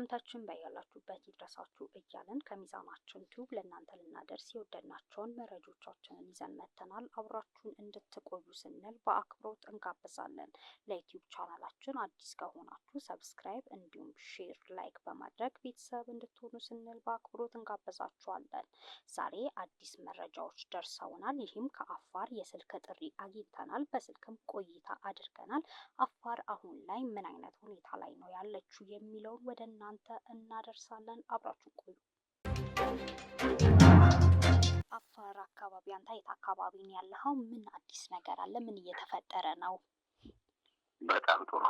ሰላምታችን በያላችሁበት ይድረሳችሁ እያለን ከሚዛናችን ቲዩብ ለእናንተ ልናደርስ የወደድናቸውን መረጆቻችንን ይዘን መጥተናል። አብራችሁን እንድትቆዩ ስንል በአክብሮት እንጋብዛለን። ለዩቲዩብ ቻናላችን አዲስ ከሆናችሁ ሰብስክራይብ፣ እንዲሁም ሼር፣ ላይክ በማድረግ ቤተሰብ እንድትሆኑ ስንል በአክብሮት እንጋብዛችኋለን። ዛሬ አዲስ መረጃዎች ደርሰውናል። ይህም ከአፋር የስልክ ጥሪ አግኝተናል። በስልክም ቆይታ አድርገናል። አፋር አሁን ላይ ምን አይነት ሁኔታ ላይ ነው ያለችው የሚለውን ወደ እናንተ እናደርሳለን። አብራችሁ ቆዩ። አፋር አካባቢ አንተ የት አካባቢ ነው ያለኸው? ምን አዲስ ነገር አለ? ምን እየተፈጠረ ነው? በጣም ጥሩ።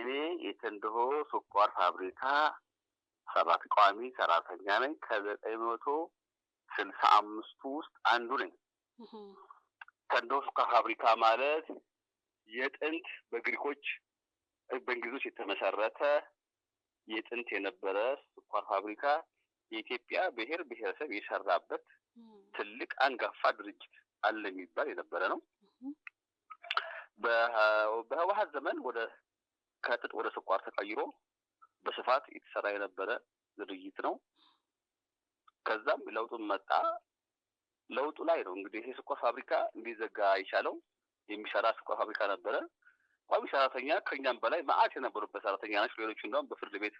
እኔ የተንድሆ ስኳር ፋብሪካ ሰባት ቋሚ ሰራተኛ ነኝ። ከዘጠኝ መቶ ስልሳ አምስቱ ውስጥ አንዱ ነኝ። ተንድሆ ስኳር ፋብሪካ ማለት የጥንት በግሪኮች በእንግሊዞች የተመሰረተ የጥንት የነበረ ስኳር ፋብሪካ የኢትዮጵያ ብሔር ብሔረሰብ የሰራበት ትልቅ አንጋፋ ድርጅት አለ የሚባል የነበረ ነው። በህወሀት ዘመን ወደ ከጥጥ ወደ ስኳር ተቀይሮ በስፋት የተሰራ የነበረ ድርጅት ነው። ከዛም ለውጡን መጣ። ለውጡ ላይ ነው እንግዲህ ይሄ ስኳር ፋብሪካ እንዲዘጋ የቻለው የሚሰራ ስኳር ፋብሪካ ነበረ። ቋሚ ሰራተኛ ከእኛም በላይ መዓት የነበሩበት ሰራተኛ ናቸው። ሌሎች እንዲያውም በፍርድ ቤት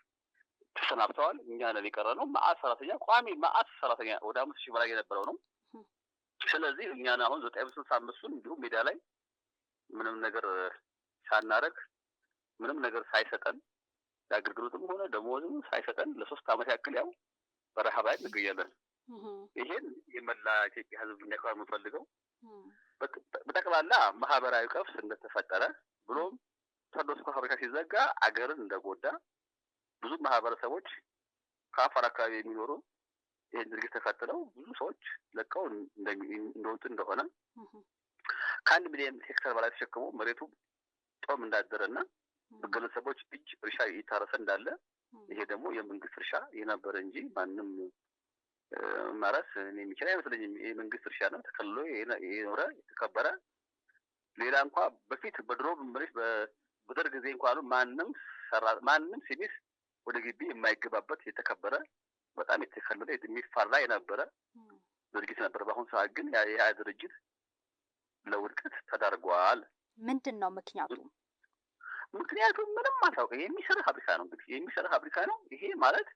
ተሰናብተዋል። እኛ ነን የቀረ ነው። መዓት ሰራተኛ ቋሚ መዓት ሰራተኛ ወደ አምስት ሺህ በላይ የነበረው ነው። ስለዚህ እኛን አሁን ዘጠኝ መቶ ስልሳ አምስቱን እንዲሁም ሜዳ ላይ ምንም ነገር ሳናረግ ምንም ነገር ሳይሰጠን ለአገልግሎትም ሆነ ደሞዝም ሳይሰጠን ለሶስት ዓመት ያክል ያው በረሃብ ላይ እንገኛለን። ይሄን የመላ ኢትዮጵያ ሕዝብ እንዲያውቀው የምንፈልገው በጠቅላላ ማህበራዊ ቀውስ እንደተፈጠረ ብሎም ተዶስኮ ፋብሪካ ሲዘጋ አገርን እንደጎዳ ብዙ ማህበረሰቦች ከአፋር አካባቢ የሚኖሩ ይህን ድርጊት ተከትለው ብዙ ሰዎች ለቀው እንደወጡ እንደሆነ ከአንድ ሚሊዮን ሄክተር በላይ ተሸክሞ መሬቱ ጦም እንዳደረና በግለሰቦች እጅ እርሻ እየታረሰ እንዳለ ይሄ ደግሞ የመንግስት እርሻ የነበረ እንጂ ማንም ማረስ የሚችል አይመስለኝም። ይህ መንግስት እርሻ ነው፣ ተከልሎ የኖረ የተከበረ ሌላ እንኳ በፊት በድሮ ምሪሽ በብጥር ጊዜ እንኳ አሉ ማንም ሰራ ማንም ሲሚስ ወደ ግቢ የማይገባበት የተከበረ በጣም የተከለለ የሚፈራ የነበረ ድርጅት ነበር። በአሁኑ ሰዓት ግን ያ ድርጅት ለውድቀት ተዳርጓል። ምንድን ነው ምክንያቱ? ምክንያቱም ምንም አታውቅ የሚሰራ ፋብሪካ ነው እንግዲህ የሚሰራ ፋብሪካ ነው። ይሄ ማለት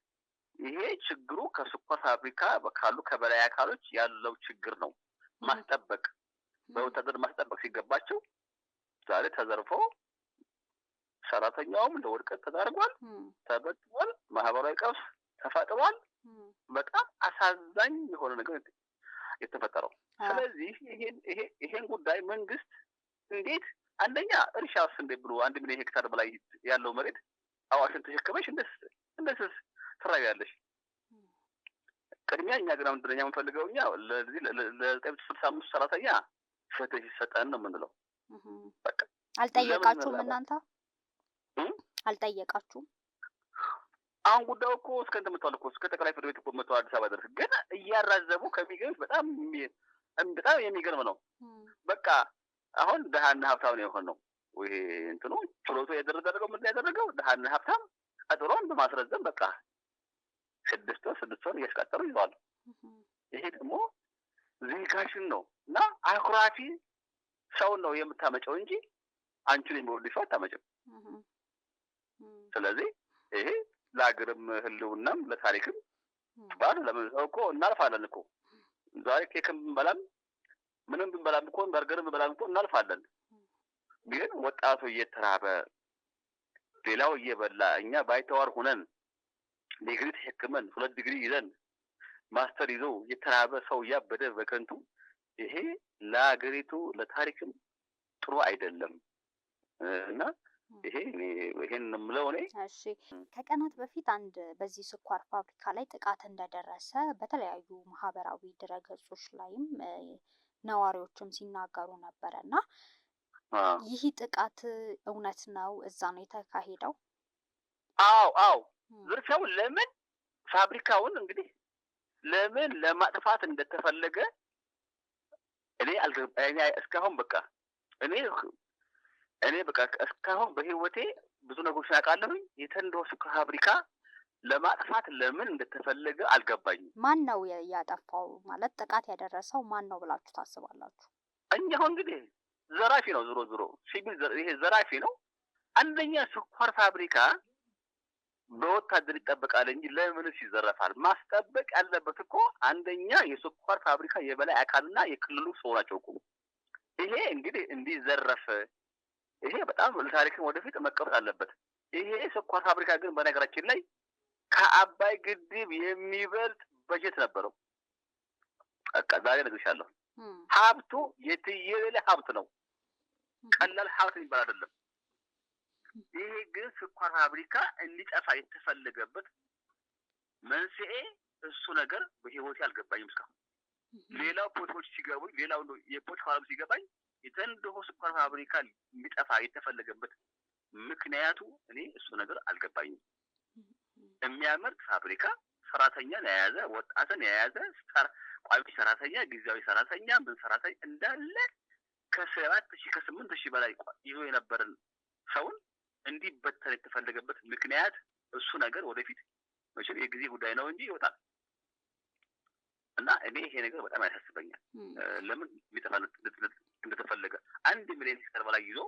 ይሄ ችግሩ ከስኳር ፋብሪካ ካሉ ከበላይ አካሎች ያለው ችግር ነው። ማስጠበቅ በወታደር ማስጠበቅ ሲገባቸው ዛሬ ተዘርፎ ሰራተኛውም ለውድቀት ተዳርጓል፣ ተበጥቧል፣ ማህበራዊ ቀውስ ተፈጥሯል። በጣም አሳዛኝ የሆነ ነገር የተፈጠረው። ስለዚህ ይሄን ጉዳይ መንግስት እንዴት አንደኛ እርሻ ስንዴ ብሎ አንድ ሚሊዮን ሄክታር በላይ ያለው መሬት አዋሽን ተሸክመሽ እንደስ እንደስስ ትራቢያለሽ። ቅድሚያ እኛ ግን ምንድን ነው የምንፈልገው? እኛ ለዚህ ለዘጠኝ ስልሳ አምስት ሰራተኛ ፍትህ ይሰጠን ነው የምንለው። አልጠየቃችሁም? እናንተ አልጠየቃችሁም? አሁን ጉዳዩ እኮ እስከ እንትን መተዋል እኮ እስከ ጠቅላይ ፍርድ ቤት እኮ መተዋል፣ አዲስ አበባ ድረስ ግን እያራዘቡ ከሚገኙት በጣም በጣም የሚገርም ነው። በቃ አሁን ድሃና ሀብታም ነው የሆነው። ይሄ እንትኑ ችሎቱ ያደረገው ምንድን ያደረገው ድሃና ሀብታም ቀጥሮን በማስረዘም በቃ ስድስት ወር ስድስት ወር እያስቀጠሩ ይዘዋል። ይሄ ደግሞ ዜጋሽን ነው እና አኩራፊ ሰውን ነው የምታመጨው እንጂ አንቺን የሚወዱ ሰው አታመጭም። ስለዚህ ይሄ ለሀገርም ህልውናም ለታሪክም ባል ለምን ሰው እኮ እናልፋለን እኮ ዛሬ ኬክም ብንበላም ምንም ብንበላም እኮ በርገርም ብንበላም እኮ እናልፋለን። ግን ወጣቱ እየተራበ ሌላው እየበላ እኛ ባይተዋር ሁነን ዲግሪ ተሸክመን ሁለት ዲግሪ ይዘን ማስተር ይዘው የተራበ ሰው እያበደ በከንቱ ይሄ ለሀገሪቱ ለታሪክም ጥሩ አይደለም እና ይሄ ይሄን የምለው እኔ። እሺ ከቀናት በፊት አንድ በዚህ ስኳር ፋብሪካ ላይ ጥቃት እንደደረሰ በተለያዩ ማህበራዊ ድረገጾች ላይም ነዋሪዎችም ሲናገሩ ነበረ እና ይህ ጥቃት እውነት ነው? እዛ ነው የተካሄደው? አዎ አዎ ዝርፊያው ለምን ፋብሪካውን እንግዲህ ለምን ለማጥፋት እንደተፈለገ እኔ እስካሁን በቃ እኔ እኔ በቃ እስካሁን በህይወቴ ብዙ ነገሮች ያውቃለሁኝ። የተንዶስ ፋብሪካ ለማጥፋት ለምን እንደተፈለገ አልገባኝም። ማን ነው ያጠፋው? ማለት ጥቃት ያደረሰው ማን ነው ብላችሁ ታስባላችሁ? እኛሁ እንግዲህ ዘራፊ ነው፣ ዞሮ ዞሮ ሲቪል ይሄ ዘራፊ ነው። አንደኛ ስኳር ፋብሪካ በወታደር ይጠበቃል እንጂ ለምንስ ይዘረፋል? ማስጠበቅ ያለበት እኮ አንደኛ የስኳር ፋብሪካ የበላይ አካልና የክልሉ ሰው ናቸው ይሄ እንግዲህ እንዲዘረፍ ይሄ በጣም ለታሪክን ወደፊት መቀመጥ አለበት። ይሄ ስኳር ፋብሪካ ግን በነገራችን ላይ ከአባይ ግድብ የሚበልጥ በጀት ነበረው። በቃ ዛሬ ነግርሻለሁ። ሀብቱ የትየሌለ ሀብት ነው። ቀላል ሀብት የሚባል አይደለም። ይሄ ግን ስኳር ፋብሪካ እንዲጠፋ የተፈለገበት መንስኤ እሱ ነገር በህይወት አልገባኝም እስካሁን። ሌላው ፖቶች ሲገቡ ሌላው የፖት ፋብሪካ ሲገባኝ የዘንድሮ ስኳር ፋብሪካ እንዲጠፋ የተፈለገበት ምክንያቱ እኔ እሱ ነገር አልገባኝም። የሚያመርት ፋብሪካ ሰራተኛን የያዘ ወጣትን የያዘ ቋሚ ሰራተኛ፣ ጊዜያዊ ሰራተኛ፣ ምን ሰራተኛ እንዳለ ከሰባት ሺህ ከስምንት ሺህ በላይ ይዞ የነበረን ሰውን እንዲበተን የተፈለገበት ምክንያት እሱ ነገር ወደፊት መቼም የጊዜ ጉዳይ ነው እንጂ ይወጣል እና እኔ ይሄ ነገር በጣም ያሳስበኛል። ለምን ሊጠፋ እንደተፈለገ አንድ ሚሊዮን ሊስከር በላይ ይዞ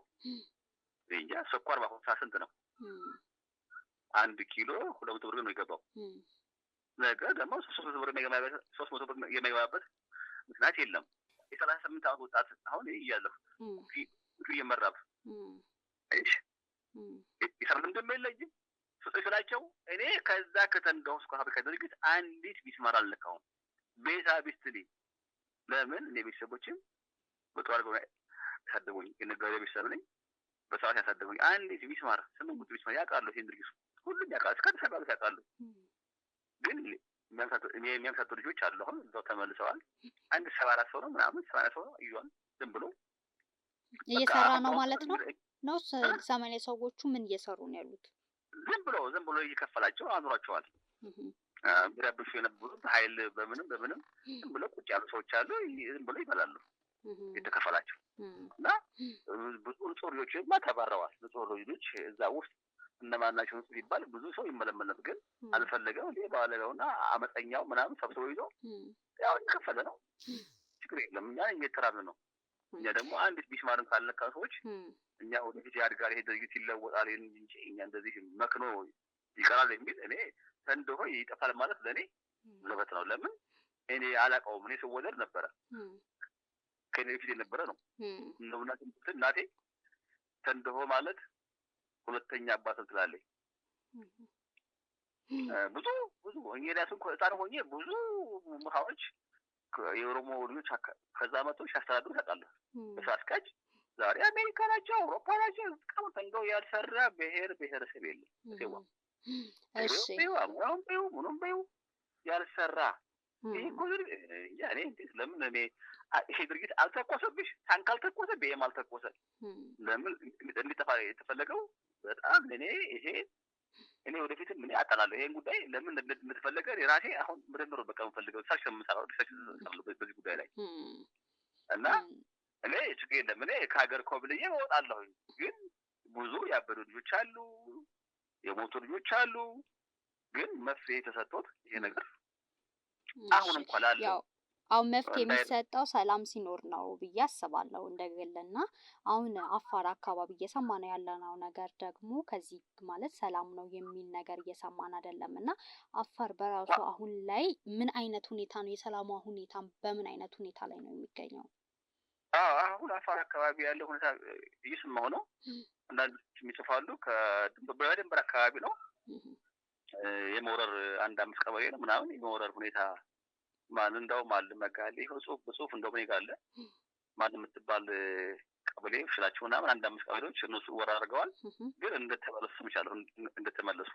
እንጃ ስኳር በአሁኑ ሰዓት ስንት ነው? አንድ ኪሎ ሁለት መቶ ብር ነው የገባው። ነገ ደግሞ ሶስት መቶ ብር ሶስት መቶ ብር የሚገባበት ምክንያት የለም። የሰላሳ ስምንት አመት ወጣት አሁን እያለሁ እየመራብ ነው እንደሚለይም ስላቸው እኔ ከዛ ከተንዳሁ እስከ ድርጅት አንዲት ሚስማር አልነካሁም። ቤታ ቢስትሊ ለምን እኔ ቤተሰቦችም በጥሩ አድርገው ያሳደጉኝ የነጋዴ ቤተሰብ ነኝ። በሰዓት ያሳደጉኝ አንዲት ቢስማር ስምንት ሚስማር ያውቃሉ። ይህን ድርጅት ሁሉም ያውቃሉ። እስከ አዲስ አበባ ያውቃሉ። ግን የሚያምሳቱ ልጆች አሉ። አሁን እዛው ተመልሰዋል። አንድ ሰባ አራት ሰው ነው ምናምን ሰባ አራት ሰው ነው ይዟል። ዝም ብሎ እየሰራ ነው ማለት ነው ነው? ሰማንያ ሰዎቹ ምን እየሰሩ ነው ያሉት? ዝም ብሎ ዝም ብሎ እየከፈላቸው አኑሯቸዋል። ቢረብሹ የነበሩት ኃይል በምንም በምንም ዝም ብሎ ቁጭ ያሉ ሰዎች አሉ። ዝም ብሎ ይበላሉ የተከፈላቸው እና ብዙ ንጹህ ማ ተባረዋል። ንጹህ ልጆች እዛ ውስጥ እነማን ናቸው ሲባል ብዙ ሰው ይመለመለት፣ ግን አልፈለገም። እንዲህ ባለገውና አመፀኛው ምናምን ሰብስቦ ይዞ ያው የከፈለ ነው። ችግር የለም እኛ እየተራን ነው እኛ ደግሞ አንድ ቢስማርን ካልነካ ሰዎች እኛ ወደፊት ያድጋል፣ ይሄ ድርጊት ይለወጣል እንጂ እኛ እንደዚህ መክኖ ይቀራል የሚል እኔ ሰንድሮ ይጠፋል ማለት ለእኔ ውለበት ነው። ለምን እኔ አላውቀውም። እኔ ስወለድ ነበረ ከኔ በፊት የነበረ ነው። እነውናት እናቴ ሰንድሮ ማለት ሁለተኛ አባትን ትላለች። ብዙ ብዙ እኔ ራሱ ህፃን ሆኜ ብዙ ምሃዎች የኦሮሞ ልጆች ከዛ መቶ ሲያስተዳድሩ ታውቃለህ። እሱ አስካጅ ዛሬ አሜሪካ ናቸው፣ አውሮፓ ናቸው። እስካሁን እንደው ያልሰራ ብሄር ብሄረሰብ የለ ሴዋ ሁ ምኑም በይው ያልሰራ ይህ እኮ እኔ እንዴት ለምን እኔ ይሄ ድርጊት አልተኮሰብሽ ታንክ አልተኮሰ ብሄም አልተኮሰ ለምን እንዲጠፋ የተፈለገው በጣም እኔ ይሄ እኔ ወደፊትም ምን አጠናለሁ ይሄን ጉዳይ ለምን የምትፈለገ ራሴ አሁን ምርምር በቃ ምፈልገው ሰርች የምሰራው ሰርች በዚህ ጉዳይ ላይ እና እኔ ችግር የለም እኔ ከሀገር ኮብልዬ እወጣለሁ። ግን ብዙ ያበዱ ልጆች አሉ፣ የሞቱ ልጆች አሉ። ግን መፍትሄ የተሰጥቶት ይሄ ነገር አሁን እንኳ ላለው አሁን መፍትሄ የሚሰጠው ሰላም ሲኖር ነው ብዬ አስባለሁ እንደግልና አሁን አፋር አካባቢ እየሰማ ነው ያለነው ነገር ደግሞ ከዚህ ማለት ሰላም ነው የሚል ነገር እየሰማን አይደለም እና አፋር በራሱ አሁን ላይ ምን አይነት ሁኔታ ነው የሰላሟ ሁኔታ በምን አይነት ሁኔታ ላይ ነው የሚገኘው? አሁን አፋር አካባቢ ያለው ሁኔታ እየሰማው ነው። አንዳንዶች የሚጽፋሉ በድንበር አካባቢ ነው የመውረር አንድ አምስት ቀበሌ ነው ምናምን የመውረር ሁኔታ ማን እንደው ማል መካል ይኸው ጽሁፍ በጽሁፍ እንደውም እኔ ጋር ማን የምትባል ቀበሌ ሽላቸው ምናምን አንድ አምስት ቀበሌዎች እነሱ ወራ አድርገዋል፣ ግን እንደተመለሱ ይቻለሁ እንደተመለሱ።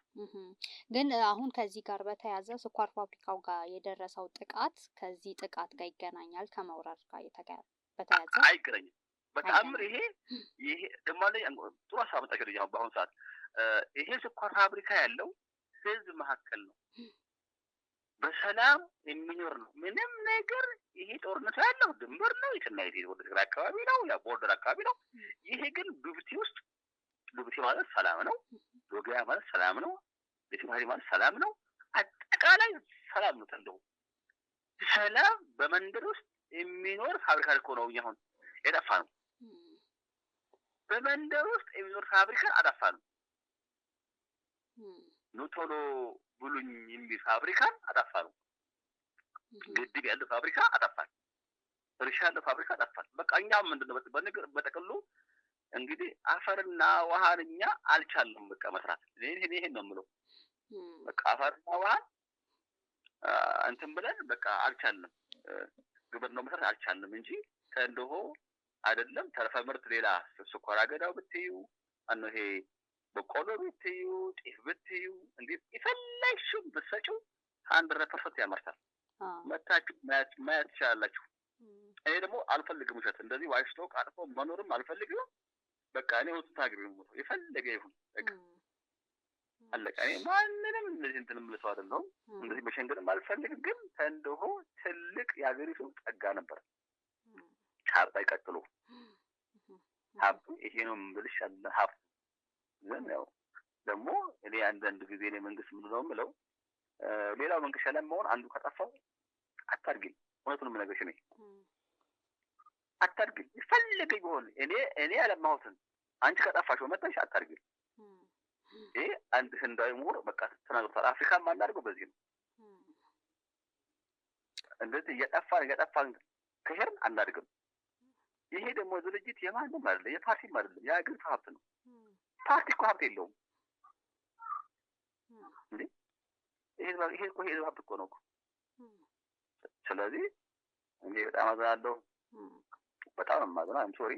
ግን አሁን ከዚህ ጋር በተያያዘ ስኳር ፋብሪካው ጋር የደረሰው ጥቃት ከዚህ ጥቃት ጋር ይገናኛል ከመውረር ጋር በተያያዘ አይገናኝም። በተአምር ይሄ ይሄ ደግሞ ጥሩ ሀሳብ መጣ። በአሁኑ ሰዓት ይሄ ስኳር ፋብሪካ ያለው ህዝብ መካከል ነው በሰላም የሚኖር ነው። ምንም ነገር ይሄ ጦርነቱ ያለው ድንበር ነው፣ የትና የት አካባቢ ነው፣ ቦርደር አካባቢ ነው። ይሄ ግን ዱብቲ ውስጥ ዱብቲ ማለት ሰላም ነው፣ ዶገያ ማለት ሰላም ነው፣ ቤትማሪ ማለት ሰላም ነው። አጠቃላይ ሰላም ነው። ተንደ ሰላም በመንደር ውስጥ የሚኖር ፋብሪካ ልኮ ነው አሁን የጠፋ ነው። በመንደር ውስጥ የሚኖር ፋብሪካ አጠፋ ነው። ኑ ቶሎ ብሉኝ የሚል ፋብሪካን ነው። ግድብ ያለ ፋብሪካ አጠፋን። እርሻ ያለ ፋብሪካ አጠፋን። በቃ እኛ ምንድነው በነገር በጠቅሉ እንግዲህ አፈርና ውሃን እኛ አልቻልንም በቃ መስራት። ይሄን ይሄን ነው የምለው። በቃ አፈርና ውሃን እንትን ብለን በቃ አልቻልንም፣ ግብርናው መስራት አልቻልንም እንጂ ከእንደሆ አይደለም ተረፈ ምርት ሌላ ስኳር አገዳው ብትዩ ይሄ በቆሎ ብትዩ፣ ጤፍ ብትዩ፣ እንዴት የፈለግሽውን ብትሰጪው አንድ ረፐርሰንት ያመርታል። መታችሁ ማየት ማየት ትችላላችሁ። እኔ ደግሞ አልፈልግም ውሸት፣ እንደዚህ ዋሽቶ ቃጥፎ መኖርም አልፈልግም። በቃ እኔ ወጥታ ግቢ ሞቶ የፈለገ ይሁን በቃ አለቃ። እኔ ማንንም እንደዚህ እንትን የምልሰው አይደለሁም። እንደዚህ መሸንገልም አልፈልግም። ግን ተንድሆ ትልቅ የሀገሪቱ ጸጋ ነበር። ሀብት አይቀጥሉ ሀብቱ ይሄ ነው ብልሽ ሀብቱ ግን ያው ደግሞ እኔ አንዳንድ ጊዜ እኔ መንግስት ምንለው ምለው ሌላው መንግስት ሸለም መሆን አንዱ ከጠፋው አታድግል እውነቱን የምነግርሽ እኔ አታድግል ይፈልግ ቢሆን እኔ እኔ ያለማሁትን አንቺ ከጠፋሽ መጠንሽ አታድግል ይህ አንድ ህንዳዊ ምሁር በቃ ተናግሮታል። አፍሪካ ማናድርገው በዚህ ነው። እንደዚህ እየጠፋን እየጠፋን ከሄርን አናድግም። ይሄ ደግሞ ድርጅት የማንም አይደለም፣ የፓርቲም አይደለም፣ የሀገር ሀብት ነው። ፓርቲ እኮ ሀብት የለውም። ይሄ እኮ የህዝብ ሀብት እኮ ነው ስለዚህ እኔ በጣም አዝናለሁ፣ በጣም የማዝነው አይም ሶሪ።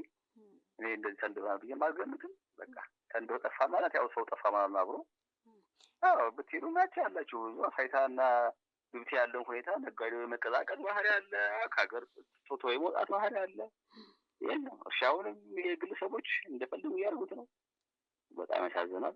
እኔ እንደዚህ ሰንድባ ብዬ ማገምትም በቃ ሰንድሮ ጠፋ ማለት ያው ሰው ጠፋ ማለት ነው። አብሮ ብትሄዱ ናቸው ያላችሁ ፋይታና ግብት ያለውን ሁኔታ ነጋዴው የመቀዛቀዝ ባህሪ አለ። ከሀገር ቶቶ የመውጣት ባህሪ አለ። ይህን ነው እርሻውንም የግለሰቦች እንደፈልጉ እያደረጉት ነው። በጣም ያሳዝናል።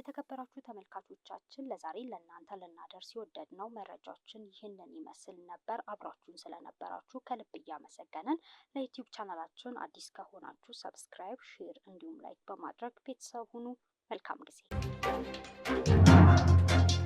የተከበራችሁ ተመልካቾቻችን ለዛሬ ለእናንተ ልናደርስ የወደድ ነው መረጃዎችን ይህንን ይመስል ነበር። አብራችሁን ስለነበራችሁ ከልብ እያመሰገንን ለዩትዩብ ቻናላችን አዲስ ከሆናችሁ ሰብስክራይብ፣ ሼር እንዲሁም ላይክ በማድረግ ቤተሰብ ሁኑ። መልካም ጊዜ